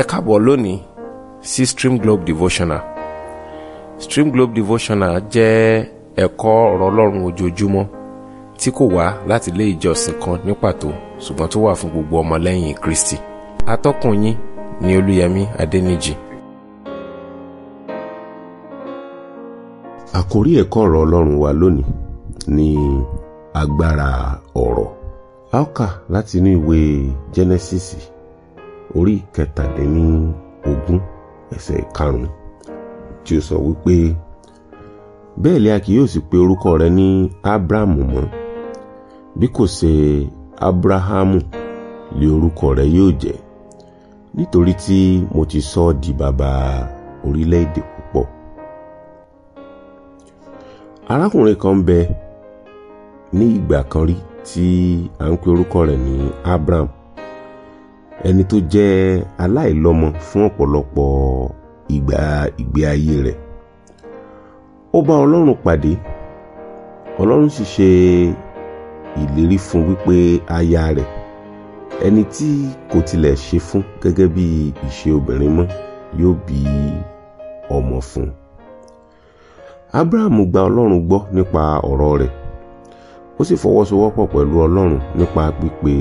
ẹ káàbọ̀ lónìí sí Stream Globe Devotional Stream Globe Devotional jẹ́ ẹ̀kọ́ ọ̀rọ̀ ọlọ́run ojoojúmọ́ tí kò wá láti ilé ìjọsìn kan ní pàtó ṣùgbọ́n tó wà fún gbogbo ọmọlẹ́yìn Kristi atọ́kùn yín ni Olúyẹmí Adẹ́nìjì. àkórí ẹ̀kọ́ ọ̀rọ̀ ọlọ́run wa lónìí ni agbára ọ̀rọ̀ a ó kà láti inú ìwé Jẹ́nẹ́sísì orí kẹtàdínlógún ẹsẹ̀ karùn-ún tí ó sọ wípé bẹ́ẹ̀ lé a kì yóò sì pe orúkọ rẹ ní abrahamu mọ́ bí kò ṣe abrahamu lé orúkọ rẹ yóò jẹ́ nítorí tí mo ti sọ ọ́ di bàbá orílẹ̀-èdè púpọ̀ arákùnrin kan bẹ ní ìgbà kan rí tí à ń pe orúkọ rẹ̀ ní abraham ẹni tó jẹ́ aláìlọ́mọ fún ọ̀pọ̀lọpọ̀ ìgbà ìgbé ayé rẹ̀ ó bá ọlọ́run pàdé ọlọ́run sì ṣe ìlérí fún wípé aya rẹ̀ ẹni tí kò tilẹ̀ ṣe fún gẹ́gẹ́ bí ìṣe obìnrin mọ́ yóò bí ọmọ fún abraham gba ọlọ́run gbọ́ nípa ọ̀rọ̀ rẹ̀ ó sì fọwọ́sowọ́pọ̀ pẹ̀lú ọlọ́run nípa pípe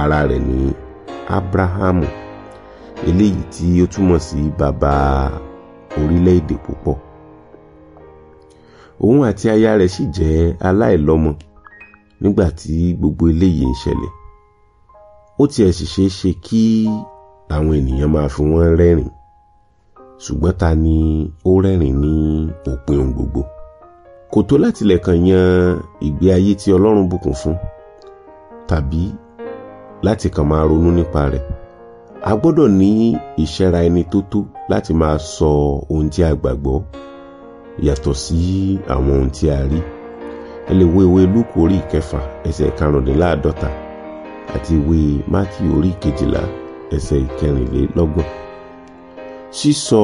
ara rẹ̀ ní abrahamu eléyìí tí ó túmọ̀ sí bàbá orílẹ̀-èdè púpọ̀ òun àti aya rẹ̀ sì jẹ́ aláìlọ́mọ nígbà tí gbogbo eléyìí ń ṣẹlẹ̀ ó tiẹ̀ sì ṣeé ṣe kí àwọn ènìyàn máa fi wọ́n rẹ́rìn ṣùgbọ́n ta ni ó rẹ́rìn ní òpin ohun gbogbo kò tó láti lè yan ìgbé ayé tí ọlọ́run bùkún fún tàbí láti kàn máa ronú nípa rẹ̀ a gbọ́dọ̀ ní ìṣẹ́ra ẹni tó tó láti máa sọ ohun tí a gbàgbọ́ yàtọ̀ sí àwọn ohun tí a rí ẹ lè wo ìwé lúkù orí ìkẹfà ẹsẹ̀ karùndínláàdọ́ta àti ìwé mákì orí ìkejìlá ẹsẹ̀ ìkẹrìnlélọ́gbọ̀n sísọ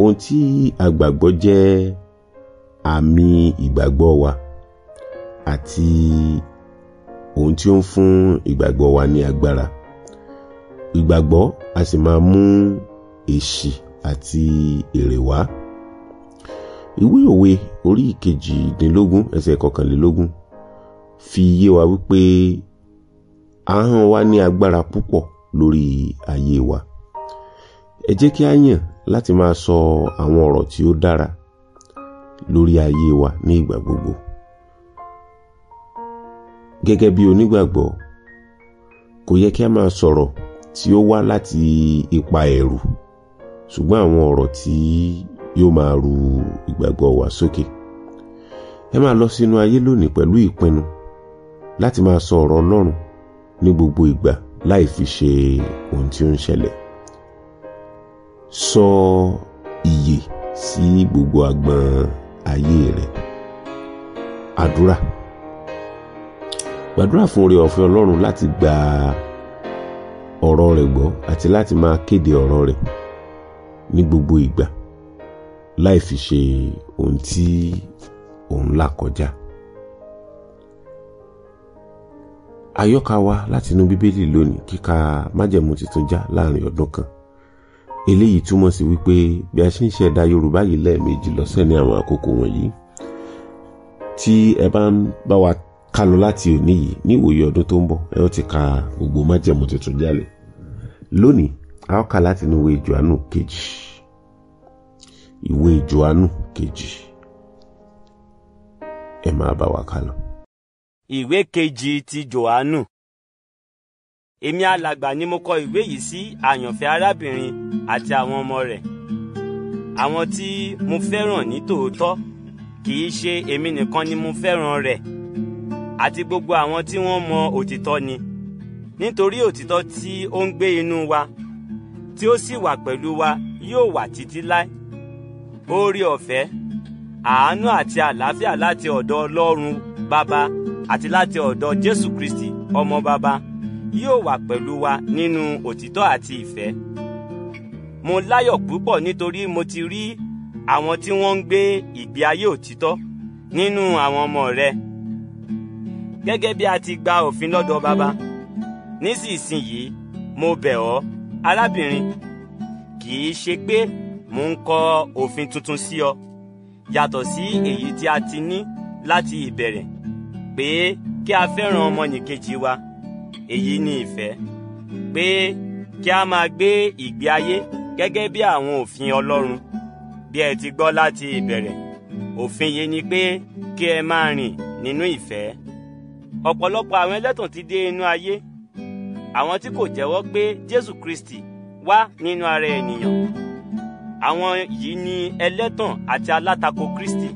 ohun tí a gbàgbọ́ jẹ́ àmì ìgbàgbọ́ wa àti ohun tí ó ń fún ìgbàgbọ́ wa ní agbára ìgbàgbọ́ a sì máa mú èsì àti èrè wá ìwé òwe orí ìkejìdínlógún ẹsẹ̀ kọkànlélógún fi yé wa wípé ahọ́n wa ní agbára púpọ̀ lórí ayé wa ẹ jẹ́ kí a yàn láti máa sọ àwọn ọ̀rọ̀ tí ó dára lórí ayé wa ní ìgbà gbogbo gẹ́gẹ́ bí onígbàgbọ́ kò yẹ kí a máa sọ̀rọ̀ tí ó wá láti ipa ẹ̀rù ṣùgbọ́n àwọn ọ̀rọ̀ tí yóò máa ru ìgbàgbọ́ wa sókè ẹ máa lọ sínú ayé lónìí pẹ̀lú ìpinnu láti máa sọ ọ̀rọ̀ Ọlọ́run ní gbogbo ìgbà láì fi ṣe ohun tí ó ń ṣẹlẹ̀ sọ iyè sí gbogbo agbọn ayé rẹ àdúrà gbàdúrà fún oore ọ̀fẹ́ ọlọ́run láti gba ọ̀rọ̀ rẹ̀ gbọ́ àti láti máa kéde ọ̀rọ̀ rẹ̀ ní gbogbo ìgbà láì fi ṣe ohun tí òun là kọjá. àyọkà wa látinú bíbélì lónìí kíka májẹ̀mú tuntun já láàrin ọdún kan eléyìí túmọ̀ sí wípé bí a ṣe ń ṣẹ̀dá yorùbá yìí lẹ́ẹ̀mejì lọ́sẹ̀ ní àwọn àkókò wọ̀nyí tí ẹ bá ń bá wa ká lọ láti òní yìí ní ìwòye ọdún tó ń bọ̀ ẹ ó ti ka gbogbo májẹ̀mú tuntun jálẹ̀ lónìí a ó kà láti inú ìwé Jòhánù kejì ìwé Jòhánù kejì ẹ máa bá wa kà lọ. ìwé kejì ti Jòhánù èmi alàgbà ni mo kọ ìwé yìí sí àyànfẹ́ arábìnrin àti àwọn ọmọ rẹ̀ àwọn tí mo fẹ́ràn ní tòótọ́ kì í ṣe èmi nìkan ni mo fẹ́ràn rẹ̀ àti gbogbo àwọn tí wọ́n mọ òtítọ́ ni nítorí òtítọ́ tí ó ń gbé inú wa tí ó sì wà pẹ̀lú wa yóò wà títí láé oore ọ̀fẹ́ àánú àti àlàáfíà láti ọ̀dọ̀ Ọlọ́run bàbá àti láti ọ̀dọ̀ Jésù Kristi ọmọ bàbá yóò wà pẹ̀lú wa nínú òtítọ́ àti ìfẹ́ mo láyọ̀ púpọ̀ nítorí mo ti rí àwọn tí wọ́n ń gbé ìgbé ayé òtítọ́ nínú àwọn ọmọ rẹ̀ gẹ́gẹ́ bí a ti gba òfin lọ́dọ̀ baba nísinsìnyí mo bẹ̀ ọ́ arábìnrin kì í ṣe pé mò ń kọ òfin tuntun sí ọ yàtọ̀ sí èyí tí a ti ní láti ìbẹ̀rẹ̀ pé kí a fẹ́ràn ọmọnìkejì wa èyí ni ìfẹ́ pé kí a máa gbé ìgbé ayé gẹ́gẹ́ bí àwọn òfin Ọlọ́run bí ẹ ti gbọ́ láti ìbẹ̀rẹ̀ òfin yìí ni pé kí ẹ máa rìn nínú ìfẹ́ ọ̀pọ̀lọpọ̀ àwọn ẹlẹ́tàn ti dé inú ayé àwọn tí kò jẹ́wọ́ pé jésù kristi wá nínú ara ènìyàn àwọn yìí ni ẹlẹ́tàn àti alátakò kristi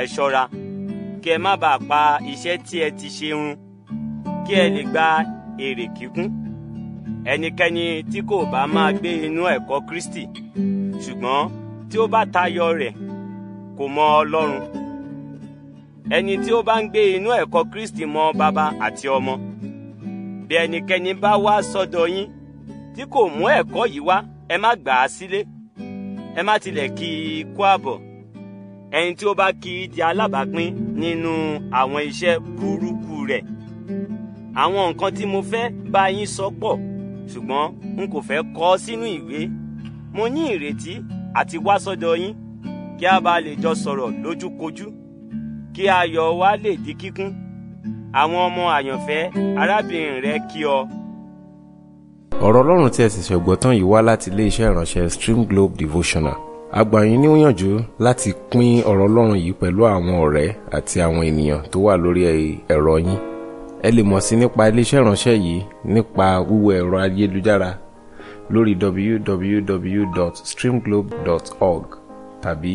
ẹ ṣọ́ra kí ẹ má bàa pa iṣẹ́ tí ẹ ti ṣe run kí ẹ lè gba èrè kíkún ẹnikẹ́ni tí kò bá máa gbé inú ẹ̀kọ́ kristi ṣùgbọ́n tí ó bá tayọ rẹ̀ kò mọ ọlọ́run ẹni tí ó bá ń gbé inú ẹ̀kọ́ Kristi mọ bàbá àti ọmọ bí ẹnikẹ́ni bá wá sọ́dọ̀ yín tí kò mú ẹ̀kọ́ yìí wá ẹ má gbà á sílé ẹ má tilẹ̀ kí i kú àbọ̀ ẹni tí ó bá kí i di alábàápín nínú àwọn iṣẹ́ burúkú rẹ̀ àwọn nǹkan tí mo fẹ́ bá yín sọ pọ̀ ṣùgbọ́n n kò fẹ́ kọ sínú ìwé mo ní ìrètí àti wá sọ́dọ̀ yín kí a bá lè jọ sọ̀rọ̀ lójúkojú kí ayọ̀ wa lè di kíkún àwọn ọmọ àyànfẹ́ arábìnrin rẹ kí ọ. ọ̀rọ̀ ọlọ́run tí ẹ sì ṣẹ̀gbọ́ tán yìí wá láti iléeṣẹ́ ìránṣẹ́ Stream Globe Devotional a ni yín níyànjú láti pín ọ̀rọ̀ ọlọ́run yìí pẹ̀lú àwọn ọ̀rẹ́ àti àwọn ènìyàn tó wà lórí ẹ̀rọ yín ẹ lè mọ̀ sí nípa iléeṣẹ́ ìránṣẹ́ yìí nípa wíwọ ẹ̀rọ ayélujára lórí www.streamglobe.org tàbí